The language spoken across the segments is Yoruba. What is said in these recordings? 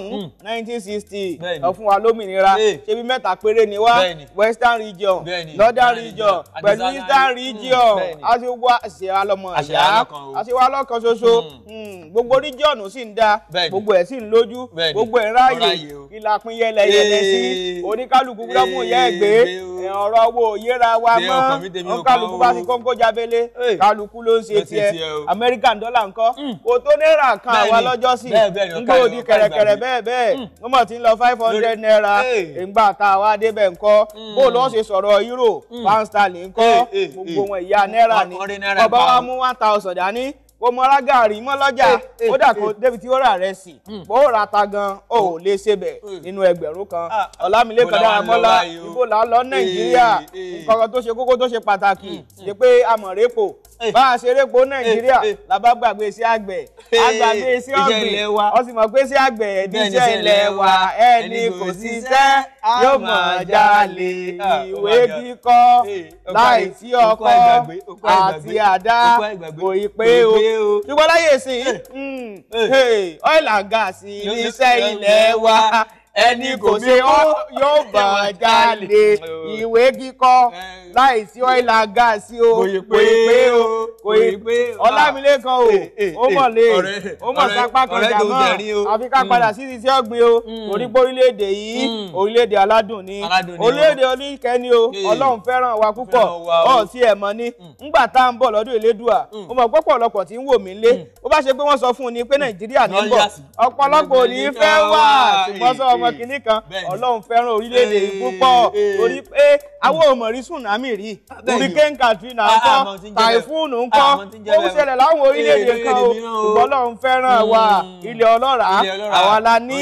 1960. Hmm. Hmm. sixty ó fún wa lómìnira ṣebí mẹ́ta péré ni wá western region northern region pẹ̀lú eastern hmm. region aṣèwà ṣèwàlọ́mọ ìyá aṣèwàlọ́kan ṣoṣo gbogbo region sì ń da gbogbo ẹ̀ sì ń lójú gbogbo ẹ̀ ráàyè kí la pín yẹlẹyẹlẹ sí oníkálukú gbọ́dọ̀ mú ìyá ẹ̀ gbé ọ̀rọ̀ owó yéra wa mọ́ ọ̀kàlùkù bá ti kóńkó jábélé kálukú ló ń ṣe tiẹ̀ American dollar ńkọ́ o hmm. tó náírà kan àwa lọ́jọ́ sí ńgbé òdi kẹ̀rẹ̀kẹ̀rẹ̀ bẹ́ẹ̀ bẹ́ẹ̀ wọ́n hmm. mọ̀ tí ń lọ five hundred naira ìgbà tá a wá débẹ̀ ńkọ́ hmm. bó ló ṣe sọ̀rọ̀ euro pound sterling ńkọ́ gbogbo wọn ìyá náírà ni ọba wa mú one thousand dání o mọ rágàrí mọ lọ́jà eh, eh, ó dà kó eh. débi tí ó rà rẹ sí hmm. bó rà ta gan o ò lè ṣe bẹ̀ hmm. Hmm. nínú ẹgbẹ̀rún kan ah, ọlámilẹ́kan dáramọ́lá ibo là ń lọ nàìjíríà nǹkan tó ṣe kókó tó ṣe pàtàkì ṣe pé amọ̀rẹ́pọ̀ bá a ṣeré po nàìjíríà la bá gbàgbé sí àgbẹ̀ àgbàgbé sí ọ̀gbìn wọ́n sì mọ̀ pé sí àgbẹ̀ ẹ̀díṣẹ́ ilẹ̀ wa ẹni kò ṣiṣẹ́ yóò mọ̀ jalè ah, ìwé kíkọ́ láì sí ọkọ́ àti àdá kò ì pé o ṣùgbọ́n láyé sí ọ́ìlà gáàsì iléeṣẹ́ ilẹ̀ wa ẹni kò ṣe yóò bá jáde ìwé kíkọ láìsí ọ́ìlà gáàsì o kò ì pé o kò ì pé ọlámilékan o ó mọ̀ lé ó mọ̀ sápá kan jàmọ́ àfi ká padà mm. sí ti iṣẹ́ ọ̀gbìn o mm. torí pé orílẹ̀-èdè yìí mm. orílẹ̀-èdè aládùn ni orílẹ̀-èdè oníkẹ́ni o ọlọ́run fẹ́ràn wa púpọ̀ ọ̀ sí ẹ̀ mọ́ ni ńgbà tá à ń bọ̀ lọ́dún Elédùà ó mọ̀ pọ́pọ̀ ọlọ́pọ̀ tí ń wò mí lé bó bá ṣe pé wọ́n sọ kan kan ọlọ́run fẹ́ràn orílẹ̀-èdè púpọ̀ torí pé àwọn ò rí tsunami rí hurricane katrina ah, ńkọ́ typhoon ńkọ́ ah, ó ń ṣẹlẹ̀ láwọn orílẹ̀-èdè kan o ṣùgbọ́n ọlọ́run fẹ́ràn wa ilẹ̀ ọlọ́ràá àwa la ní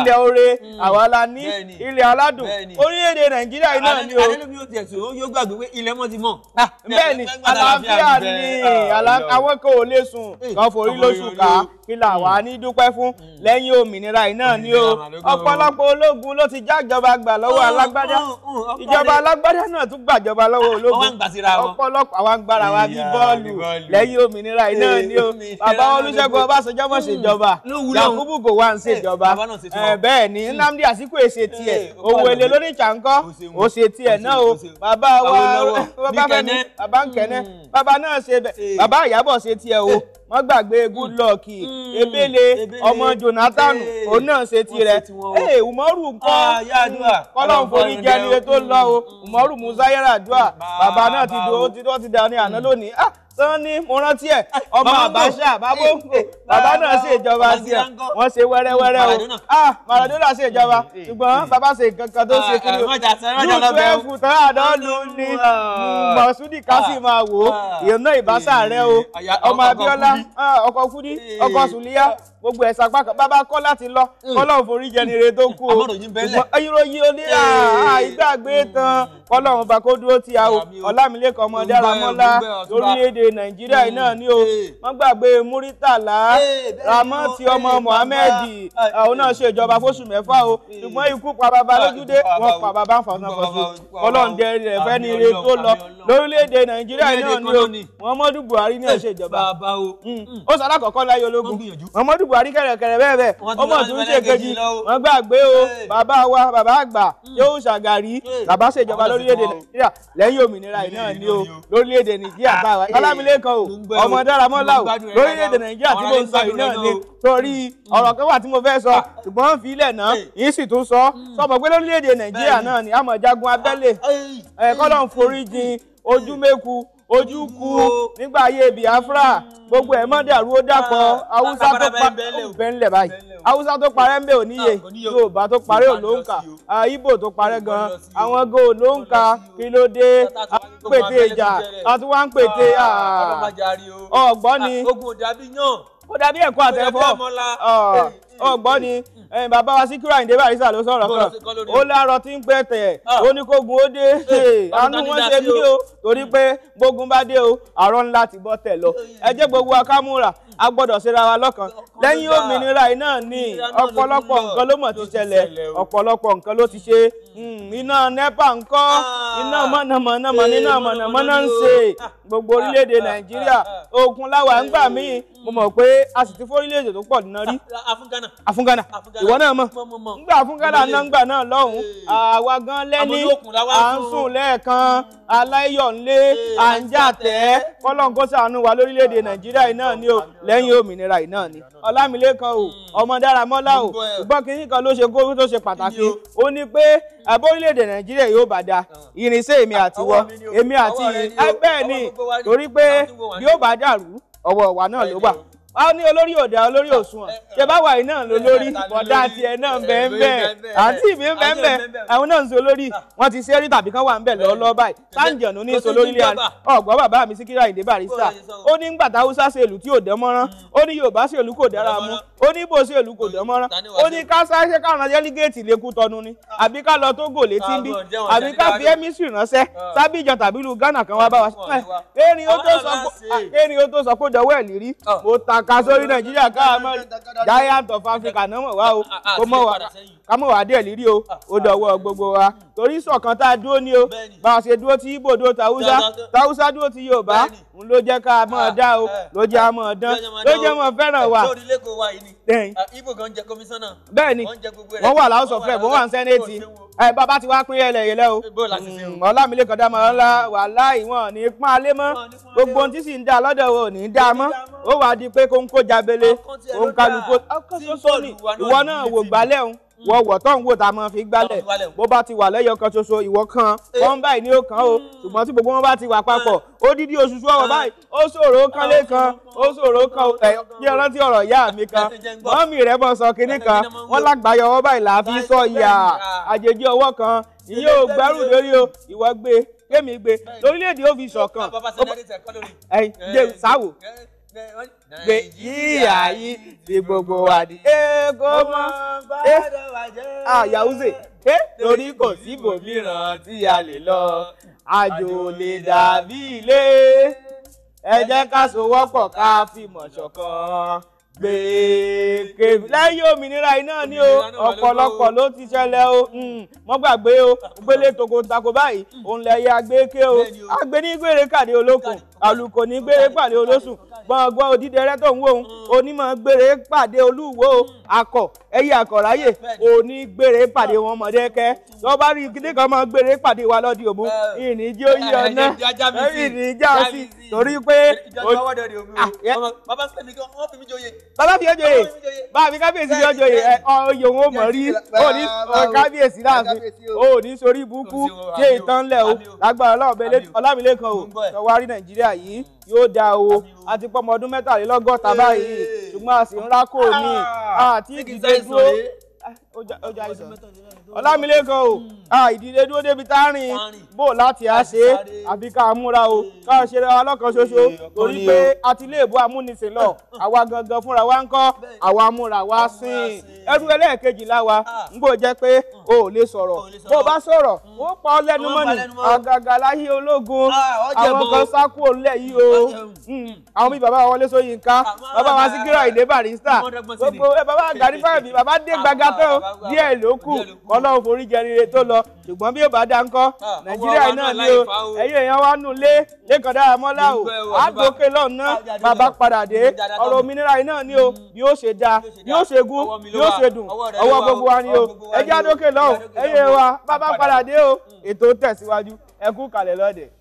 ilẹ̀ oore hmm. àwa la ní ilẹ̀ aládùn orílẹ̀-èdè nàìjíríà yìí ni o. alẹ́lómi ah, àlàáfíà ni àwọn kan ò lè sùn eh, kan forí lóṣù ká kí là ní dúpẹ́ fún hmm. lẹ́yìn òmìnira yìí ni o ọ̀pọ̀ ọ̀pọ̀lọpọ̀ ológun ló ti jájọba gbà lọ́wọ́ oh, alágbádá oh, oh, ìjọba alágbádá náà tún gbàjọba lọ́wọ́ ah, ológun ọ̀pọ̀lọpọ̀ àwọn agbára wa bíi bọ́ọ̀lù lẹ́yìn òmìnira iná ni ó bàbá Olúṣẹ́gun Ọbásanjọ́ mọ̀ ṣèjọba hmm, Yakubu Gowon ń ṣèjọba eh, eh, bẹ́ẹ̀ ni hmm. Nnamdi Azikiwe ṣe tiẹ̀ Owele lóríkà ńkọ́ ó ṣe tiẹ̀ náà o bàbá wa bàbá Fẹ́mi bàbá Nkẹ́nẹ́ hmm. bàbá náà ṣe bẹ́ẹ̀ eh. bàbá Ìyábọ̀ ṣe tiẹ̀ o wọ́n gbàgbé hmm. good luck hmm. ebele ọmọ jonathan òun náà ṣe tirẹ̀ ee umaru nǹkan ah, hmm. kọ́lọ́n forí jẹ́ ni tó lọ o umaru musa yẹ́rà dùà bàbá náà ti dùn ó ti dá àná lónìí ah, tán ní mo rántí ẹ ọmọ Abacha babongo eh, eh, bàbá náà ṣe ìjọba sí ẹ wọn ṣe wẹ́rẹ́wẹ́rẹ́ o ah Maradona ṣe ìjọba eh, ṣùgbọ́n bàbá ṣe nǹkan kan tó ṣe ah, kiri o yóò fẹ́ fùtọ́ àdánù ni mọ̀súdì ká sì ah, máa wò ó ah. ìyọ̀nà ìbáṣà rẹ o ọmọ Abíọ́lá ọkọ̀ Kúdí ọkọ̀ Sùlíyá gbogbo ẹ̀ sapá kan bàbá kọ́ láti lọ hmm. kọ́lọ́hún forí jẹnire tó kú o ìròyìn oníyà ìgbàgbé tán kọ́lọ́hún bá kó dúró ti àwò ọ̀làmìlẹ́kọ̀ ọmọdé aramọ́lá lórílẹ̀‐èdè nàìjíríà náà ní o wọ́n gbàgbé muritàlá ramọ́tì ọmọ mohammed òun náà ṣe ìjọba fóṣù mẹ́fà o ṣùgbọ́n ikú pa bàbá lójúdé wọ́n pa bàbá fọ̀nà fọ̀ṣù kọ́lọ́hún jẹ́ rẹ̀ fẹ́ ní ire tó lọ lórílẹ̀‐èdè nàìjíríà náà ní o muhammadu buhari náà ṣe ìjọba mm. ó sọ alákọ̀ọ́kọ́ láyé ológun muhammadu buhari parí kẹ̀rẹ̀kẹ̀rẹ̀ bẹ́ẹ̀ bẹ́ẹ̀ ọmọ tún ṣe kejì wọ́n gbàgbé o bàbá wa bàbá àgbà hmm. yóò ṣàgàrí bàbá ṣèjọba lórílẹ̀‐èdè nàìjíríà lẹ́yìn òmìnira yìí náà ni o lórílẹ̀‐èdè nàìjíríà bá wa ọlámilékan ah, o ọmọ dáramọ́lá o lórílẹ̀‐èdè nàìjíríà tí mo ń sọ yìí náà ni torí hmm. ọ̀rọ̀ kan wà tí mo fẹ́ sọ ah. ṣùgbọ́n fi ilẹ̀ náà yìí sì tún sọ hmm. sọmọ pé lórílẹ̀‐èdè nàìjíríà náà ni àmọ̀jagun abẹ́lé ẹ̀kọ́ lọ́n forí jin ojú kú nígbà ayé Biafra gbogbo ẹ̀ mọ́ dàrú ó dàpọ̀ ah, haúsá tó parẹ́ ńlẹ̀ báyìí haúsá tó parẹ́ ńbẹ̀ òníye ah, yorùbá tó parẹ́ òlóǹkà ibo ah, tó parẹ́ gan àwọn gan òlóǹkà kí ló dé pètè ìjà àti wá ń pètè ọgbọ́n ogun òdàbí yàn ó dàbí ẹ̀kọ́ àtẹ̀fọ́ ọgbọ́n ni bàbá wa Síkírù Àyìndé Bàrísà ló sọ̀rọ̀ kan ó lárọ tí ń pẹ́ tẹ̀ ah. ó ní kó gun ó dé eh, àánú wọn ṣe bí o torí pé gbógun bá dé o àárọ̀ ńlá ti bọ́ tẹ̀ lọ oh, ẹ jẹ́ gbogbo akámúra a gbọ́dọ̀ ṣera wa lọ́kan lẹ́yìn òmìnira iná ni ọ̀pọ̀lọpọ̀ nǹkan ló mọ̀ ti ṣẹlẹ̀ ọ̀pọ̀lọpọ̀ nǹkan ló ti ṣe hmm, iná nepa ńkọ́ ah. iná mọ̀nàmọ́ná iná mọ̀nàmọ́ná ń ṣe ah. gbogbo orílẹ̀-èdè ah, nàìjíríà ogun láwa ń gbà mí hmm, hmm, mo mọ̀ pé a sì ti fún orílẹ̀-èdè tó pọ̀ nínú rí afúngánà afúngánà ìwọ náà mọ̀ ńgbà afúngánà náà náà lọ́hùn-ún àwa gan lẹ́ni à ń sùn lẹ́ẹ̀kan aláyọ̀nlé àǹjàtẹ́ kọ́lọ́ǹkó ṣàánú wa lórílẹ̀‐èdè nàìjíríà iná ni o lẹ́yìn òmìnira iná ni ọlámilékan o hmm. ọmọ dáramọ́lá o ṣùgbọ́n kí nìkan ló ṣe gómìnà tó ṣe pàtàkì ó ní pé abórílẹ̀‐èdè nàìjíríà yóò bá da hmm. irinṣẹ́ èmi ah, àtiwọ́ èmi àti ẹgbẹ́ eh, ni torí pé yóò bá dàrú ọwọ́ wa náà ló wà a ní olórí òdà olórí òsùnwọ̀n ṣe bá wà iná lólórí bọ̀dá tiẹ̀ náà bẹ́ẹ̀ àǹtí mi bẹ́ẹ̀ àwọn náà ń so lórí wọn ti ṣe rí tàbí kán wà ń bẹ̀ lọ́ọ́lọ́ báyìí sáǹjọ̀nù ní so lórí ọ̀gbọ́n bàbá mi Síkírù Àyìndé Barrister ó ní ńgbà tá Haúsá ṣe ìlú tí ò dán mọ́rán ó ní Yorùbá ṣe ìlú kò dára mú ó ní Ìgbò ṣe ìlú kò dán mọ́rán ó ní ká sáṣẹ́ káwọn ajẹ́lígẹ́ẹ̀tì lékú tọnu ni àbí ká lọ Tógò létí ń bí àbí ká fi ẹ́mísì ránṣẹ́ sábìjọ tàbí lu Ghana kan wá bá wa ṣe erin ó tó sọ pé dọwọ́ ẹ̀ lérí ah. mo ta ká sórí nàìjíríà ká mọ giant of africa náà mọ̀ wá o kó mọ̀ wá ká mọ̀ wá díẹ̀ lírí o ó dọ̀wọ́ gbogbo wa torí ṣọ̀kan tá a dúró ni o bá a ṣe dúró ti ibo dúró tàwùsá tàwùsá dúró ti yorùbá n ló jẹ́ ká mọ̀ dá o ló jẹ́ a mọ̀ dán ló jẹ́ mọ̀ fẹ́ràn wa. Ibo lẹ́kọ̀ọ́ wa yìí ni ibo gan jẹ kọmíṣánná bẹ́ẹ̀ ni wọ́n wà láwùsọ̀ fẹ́ wọ́n wà ń sẹ́nẹ́ẹ̀tì ẹ bàbá ti wá pín ẹlẹ yẹlẹ o ọlámilẹ́kọ̀ọ́ dá mọ́ ọlá wàhálà ìwọ̀n ní pọ́n alẹ́ mọ́ gbogbo ohun tí sì ń dá lọ́dọ̀ wo ò ní dá mọ́ ó wàá di pé kó ń kó jabele kó ń kálukó ṣoṣo ni ìwọ náà wò gbálẹ̀ òun wọ́n wọ̀ tó ń wò tá a máa fi gbálẹ̀ bó bá ti wà lẹ́yọ̀ kan ṣoṣo ìwọ kan eh. wọ́n báyìí ní ó kan o hmm. ṣùgbọ́n tí gbogbo wọn bá ti wà papọ̀ eh. ó dídí oṣù tó wọ̀ báyìí ó ṣòro kan ah, lé kan ó ṣòro kan ẹ̀ bí ọlọ́tí ọ̀rọ̀ ìyá mi kan mọ́mì rẹ̀ bọ́ sọ kinní kan wọ́n lágbàáyọ̀ ọwọ́ báyìí là á fi sọ ìyà àjèjì ọwọ́ kan ìyẹn ò gbárù lórí o ìwọ gbé kémi gbé lórílẹ̀ gbé yíyà yìí di gbogbo wa di ego mọ àyàwùsè torí kò síbò mìíràn tí a lè lọ àjò lè dàbí ilé ẹ jẹ́ ká sowọ́pọ̀ ká fìmọ̀ ṣọ̀kan gbèèké lẹ́yìn òmìnira iná ni o ọ̀pọ̀lọpọ̀ ló ti ṣẹlẹ̀ o mọ́ hmm, gbàgbé o gbélé toko tako báyìí hmm. òun lẹ́yìn agbéké o agbé ní gbére kàdé olókun àlùkò ní gbére pàdé olóṣùn gbọ̀ngbọ̀n òdìdẹrẹ́ tó ń wò ó mm. onímọ̀ gbére pàdé olúwo mm. akọ̀ ẹyẹ àkọ̀ráyè òní gbére pàdé wọn mọ̀dẹ́kẹ́ mm. tó bá rí kíndé kan mọ̀ gbére pàdé wa lọ́dí òmu ìníjí ó yí ọ̀nà ìníjí á sí torí pé. Ah, bàbá fi ọjọ́yè bàbá fi kábíyèsí fi ọjọ́yè oyè òun ò mọ̀ rí òní kábíyèsí láàfin òní sórí ibùkún dé ìtàn lẹ̀ o lágbára ọlọ́ọ̀bẹ ọlámilẹ́kan o tọ́wárí nàìjíríà yìí yóò da o a ti pọ́ ọmọ ọdún mẹ́tàlélọ́gọ́ta báyìí ṣùgbọ́n a sì ń rákò ní àti ìdílé dúró eh? ó já ìsàn ọlámilékan o ìdílé dúró débi tá a rìn bò láti á ṣe é àbí ká múra o ká ṣe ra ọlọ́kan ṣoṣo torí pé a ti lè bọ́ amúnisìn lọ àwa gangan fúnra wa ń kọ́ àwa múra wa sìn ẹrú ẹlẹ́ẹ̀kejì láwa ah. ń gbò jẹ́ pé ah. o ò lè sọ̀rọ̀ bó o bá sọ̀rọ̀ ó hmm. pa ọ lẹ́nu mọ́ni àgàgà láyé ológun ah, àwọn kan sá kúrò nílẹ̀ yìí o hmm. àwọn bíi bàbá Wọlé Ṣóyínká bàbá wa Síkírù Àyìndé Barrister gbogbo bàbá bàbá dé gbàgà díẹ̀ ló kù kọ́lọ́hún foríjẹ tó lọ ṣùgbọ́n bí ó bá dá ńkọ́ ah, nàìjíríà náà ni o ẹ̀yin èèyàn wa nù lé lẹ́kàn Dáramọ́lá o àdókè lọ́nà bàbá padà dé ọ̀rọ̀ òmìnira yìí náà ni o mm. bí ó ṣe da wa ni o ètò tẹ̀síwájú kalẹ̀